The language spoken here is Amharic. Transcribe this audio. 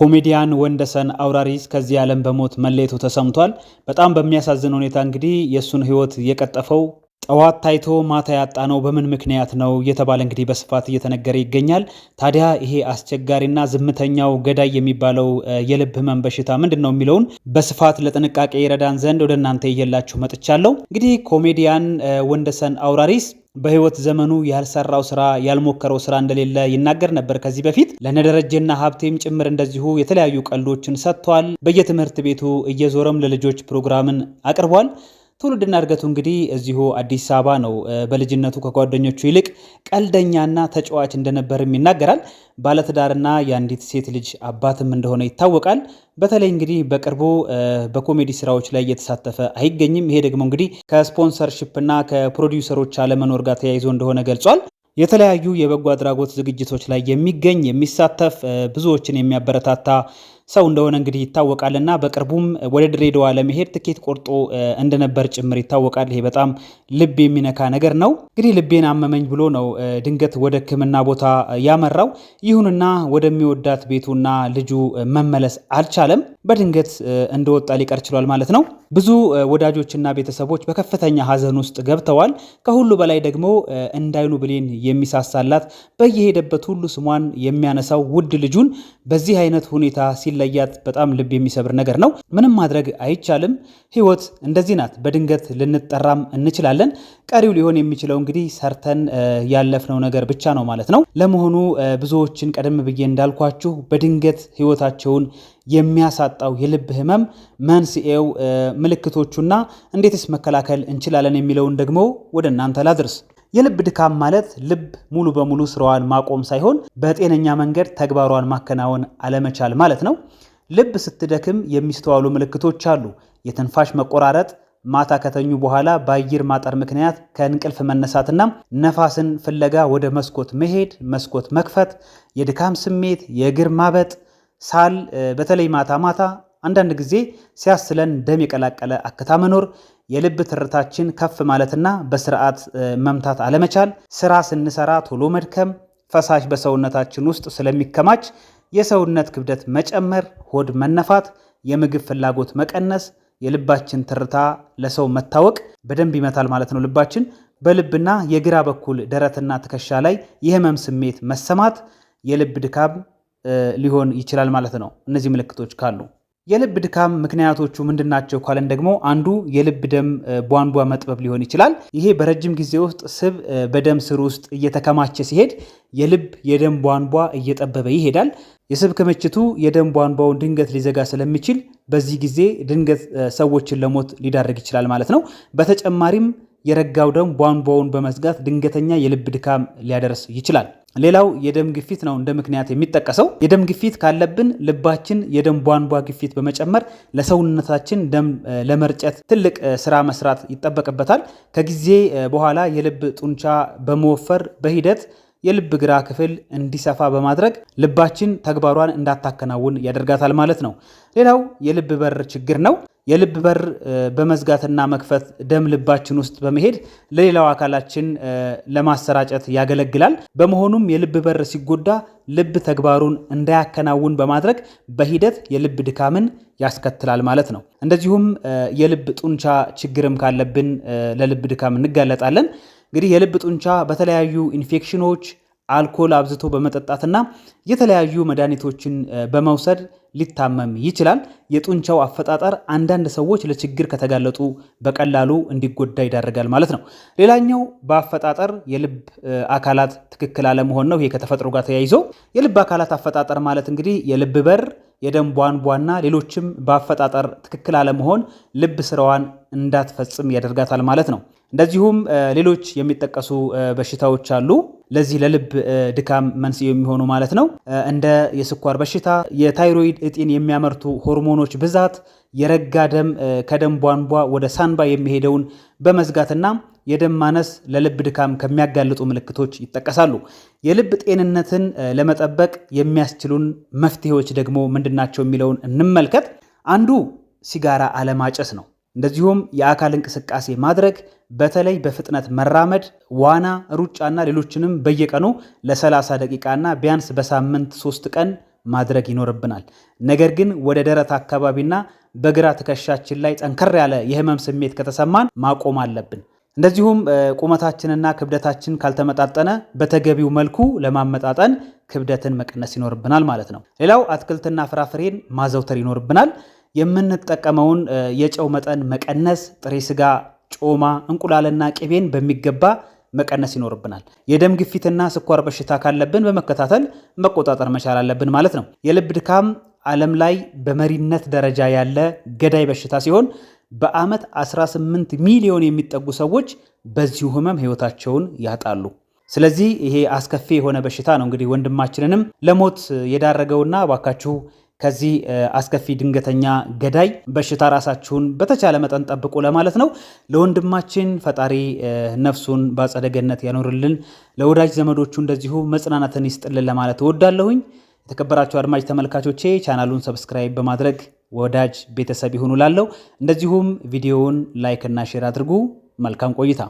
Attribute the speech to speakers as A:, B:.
A: ኮሜዲያን ወንደሰን አውራሪስ ከዚህ ዓለም በሞት መለየቱ ተሰምቷል። በጣም በሚያሳዝን ሁኔታ እንግዲህ የእሱን ህይወት የቀጠፈው ጠዋት ታይቶ ማታ ያጣ ነው። በምን ምክንያት ነው እየተባለ እንግዲህ በስፋት እየተነገረ ይገኛል። ታዲያ ይሄ አስቸጋሪና ዝምተኛው ገዳይ የሚባለው የልብ ህመም በሽታ ምንድን ነው የሚለውን በስፋት ለጥንቃቄ ይረዳን ዘንድ ወደ እናንተ እየላችሁ መጥቻለሁ። እንግዲህ ኮሜዲያን ወንደሰን አውራሪስ በህይወት ዘመኑ ያልሰራው ስራ ያልሞከረው ስራ እንደሌለ ይናገር ነበር። ከዚህ በፊት ለነደረጀና ሀብቴም ጭምር እንደዚሁ የተለያዩ ቀልዶችን ሰጥቷል። በየትምህርት ቤቱ እየዞረም ለልጆች ፕሮግራምን አቅርቧል። ትውልድና እድገቱ እንግዲህ እዚሁ አዲስ አበባ ነው። በልጅነቱ ከጓደኞቹ ይልቅ ቀልደኛና ተጫዋች እንደነበርም ይናገራል። ባለትዳርና የአንዲት ሴት ልጅ አባትም እንደሆነ ይታወቃል። በተለይ እንግዲህ በቅርቡ በኮሜዲ ስራዎች ላይ እየተሳተፈ አይገኝም። ይሄ ደግሞ እንግዲህ ከስፖንሰርሺፕና ከፕሮዲውሰሮች አለመኖር ጋር ተያይዞ እንደሆነ ገልጿል። የተለያዩ የበጎ አድራጎት ዝግጅቶች ላይ የሚገኝ የሚሳተፍ ብዙዎችን የሚያበረታታ ሰው እንደሆነ እንግዲህ ይታወቃልና በቅርቡም ወደ ድሬዳዋ ለመሄድ ትኬት ቆርጦ እንደነበር ጭምር ይታወቃል። ይሄ በጣም ልብ የሚነካ ነገር ነው። እንግዲህ ልቤን አመመኝ ብሎ ነው ድንገት ወደ ሕክምና ቦታ ያመራው። ይሁንና ወደሚወዳት ቤቱና ልጁ መመለስ አልቻለም። በድንገት እንደወጣ ሊቀር ችሏል ማለት ነው። ብዙ ወዳጆችና ቤተሰቦች በከፍተኛ ሀዘን ውስጥ ገብተዋል። ከሁሉ በላይ ደግሞ እንዳይኑ ብሌን የሚሳሳላት በየሄደበት ሁሉ ስሟን የሚያነሳው ውድ ልጁን በዚህ አይነት ሁኔታ ሲለያት በጣም ልብ የሚሰብር ነገር ነው። ምንም ማድረግ አይቻልም። ህይወት እንደዚህ ናት። በድንገት ልንጠራም እንችላለን። ቀሪው ሊሆን የሚችለው እንግዲህ ሰርተን ያለፍነው ነገር ብቻ ነው ማለት ነው። ለመሆኑ ብዙዎችን ቀደም ብዬ እንዳልኳችሁ በድንገት ህይወታቸውን .። የሚያሳጣው የልብ ህመም መንስኤው፣ ምልክቶቹና እንዴትስ መከላከል እንችላለን የሚለውን ደግሞ ወደ እናንተ ላድርስ። የልብ ድካም ማለት ልብ ሙሉ በሙሉ ስራዋን ማቆም ሳይሆን በጤነኛ መንገድ ተግባሯን ማከናወን አለመቻል ማለት ነው። ልብ ስትደክም የሚስተዋሉ ምልክቶች አሉ። የትንፋሽ መቆራረጥ፣ ማታ ከተኙ በኋላ በአየር ማጠር ምክንያት ከእንቅልፍ መነሳትና ነፋስን ፍለጋ ወደ መስኮት መሄድ፣ መስኮት መክፈት፣ የድካም ስሜት፣ የእግር ማበጥ ሳል በተለይ ማታ ማታ አንዳንድ ጊዜ ሲያስለን ደም የቀላቀለ አክታ መኖር፣ የልብ ትርታችን ከፍ ማለትና በስርዓት መምታት አለመቻል፣ ስራ ስንሰራ ቶሎ መድከም፣ ፈሳሽ በሰውነታችን ውስጥ ስለሚከማች የሰውነት ክብደት መጨመር፣ ሆድ መነፋት፣ የምግብ ፍላጎት መቀነስ፣ የልባችን ትርታ ለሰው መታወቅ፣ በደንብ ይመታል ማለት ነው ልባችን። በልብና የግራ በኩል ደረትና ትከሻ ላይ የህመም ስሜት መሰማት፣ የልብ ድካም ሊሆን ይችላል ማለት ነው እነዚህ ምልክቶች ካሉ። የልብ ድካም ምክንያቶቹ ምንድናቸው ካለን ደግሞ አንዱ የልብ ደም ቧንቧ መጥበብ ሊሆን ይችላል። ይሄ በረጅም ጊዜ ውስጥ ስብ በደም ስር ውስጥ እየተከማቸ ሲሄድ የልብ የደም ቧንቧ እየጠበበ ይሄዳል። የስብ ክምችቱ የደም ቧንቧውን ድንገት ሊዘጋ ስለሚችል በዚህ ጊዜ ድንገት ሰዎችን ለሞት ሊዳርግ ይችላል ማለት ነው። በተጨማሪም የረጋው ደም ቧንቧውን በመዝጋት ድንገተኛ የልብ ድካም ሊያደርስ ይችላል። ሌላው የደም ግፊት ነው እንደ ምክንያት የሚጠቀሰው። የደም ግፊት ካለብን ልባችን የደም ቧንቧ ግፊት በመጨመር ለሰውነታችን ደም ለመርጨት ትልቅ ስራ መስራት ይጠበቅበታል። ከጊዜ በኋላ የልብ ጡንቻ በመወፈር በሂደት የልብ ግራ ክፍል እንዲሰፋ በማድረግ ልባችን ተግባሯን እንዳታከናውን ያደርጋታል ማለት ነው። ሌላው የልብ በር ችግር ነው። የልብ በር በመዝጋትና መክፈት ደም ልባችን ውስጥ በመሄድ ለሌላው አካላችን ለማሰራጨት ያገለግላል። በመሆኑም የልብ በር ሲጎዳ ልብ ተግባሩን እንዳያከናውን በማድረግ በሂደት የልብ ድካምን ያስከትላል ማለት ነው። እንደዚሁም የልብ ጡንቻ ችግርም ካለብን ለልብ ድካም እንጋለጣለን። እንግዲህ የልብ ጡንቻ በተለያዩ ኢንፌክሽኖች አልኮል አብዝቶ በመጠጣትና የተለያዩ መድኃኒቶችን በመውሰድ ሊታመም ይችላል። የጡንቻው አፈጣጠር አንዳንድ ሰዎች ለችግር ከተጋለጡ በቀላሉ እንዲጎዳ ይዳርጋል ማለት ነው። ሌላኛው በአፈጣጠር የልብ አካላት ትክክል አለመሆን ነው። ይሄ ከተፈጥሮ ጋር ተያይዞ የልብ አካላት አፈጣጠር ማለት እንግዲህ የልብ በር፣ የደም ቧንቧና ሌሎችም በአፈጣጠር ትክክል አለመሆን ልብ ስራዋን እንዳትፈጽም ያደርጋታል ማለት ነው። እንደዚሁም ሌሎች የሚጠቀሱ በሽታዎች አሉ። ለዚህ ለልብ ድካም መንስኤ የሚሆኑ ማለት ነው። እንደ የስኳር በሽታ፣ የታይሮይድ እጢን የሚያመርቱ ሆርሞኖች ብዛት፣ የረጋ ደም ከደም ቧንቧ ወደ ሳንባ የሚሄደውን በመዝጋትና የደም ማነስ ለልብ ድካም ከሚያጋልጡ ምልክቶች ይጠቀሳሉ። የልብ ጤንነትን ለመጠበቅ የሚያስችሉን መፍትሄዎች ደግሞ ምንድናቸው የሚለውን እንመልከት። አንዱ ሲጋራ አለማጨስ ነው። እንደዚሁም የአካል እንቅስቃሴ ማድረግ በተለይ በፍጥነት መራመድ፣ ዋና፣ ሩጫና ሌሎችንም በየቀኑ ለ30 ደቂቃና ቢያንስ በሳምንት ሶስት ቀን ማድረግ ይኖርብናል። ነገር ግን ወደ ደረት አካባቢና በግራ ትከሻችን ላይ ጠንከር ያለ የህመም ስሜት ከተሰማን ማቆም አለብን። እንደዚሁም ቁመታችንና ክብደታችን ካልተመጣጠነ በተገቢው መልኩ ለማመጣጠን ክብደትን መቀነስ ይኖርብናል ማለት ነው። ሌላው አትክልትና ፍራፍሬን ማዘውተር ይኖርብናል። የምንጠቀመውን የጨው መጠን መቀነስ፣ ጥሬ ስጋ፣ ጮማ፣ እንቁላልና ቅቤን በሚገባ መቀነስ ይኖርብናል። የደም ግፊትና ስኳር በሽታ ካለብን በመከታተል መቆጣጠር መቻል አለብን ማለት ነው። የልብ ድካም ዓለም ላይ በመሪነት ደረጃ ያለ ገዳይ በሽታ ሲሆን በዓመት 18 ሚሊዮን የሚጠጉ ሰዎች በዚሁ ህመም ህይወታቸውን ያጣሉ። ስለዚህ ይሄ አስከፊ የሆነ በሽታ ነው እንግዲህ ወንድማችንንም ለሞት የዳረገውና ባካችሁ ከዚህ አስከፊ ድንገተኛ ገዳይ በሽታ ራሳችሁን በተቻለ መጠን ጠብቁ ለማለት ነው። ለወንድማችን ፈጣሪ ነፍሱን በአጸደ ገነት ያኖርልን፣ ለወዳጅ ዘመዶቹ እንደዚሁ መጽናናትን ይስጥልን ለማለት እወዳለሁኝ። የተከበራችሁ አድማጭ ተመልካቾቼ ቻናሉን ሰብስክራይብ በማድረግ ወዳጅ ቤተሰብ ይሁኑ ላለው እንደዚሁም ቪዲዮውን ላይክ እና ሼር አድርጉ። መልካም ቆይታ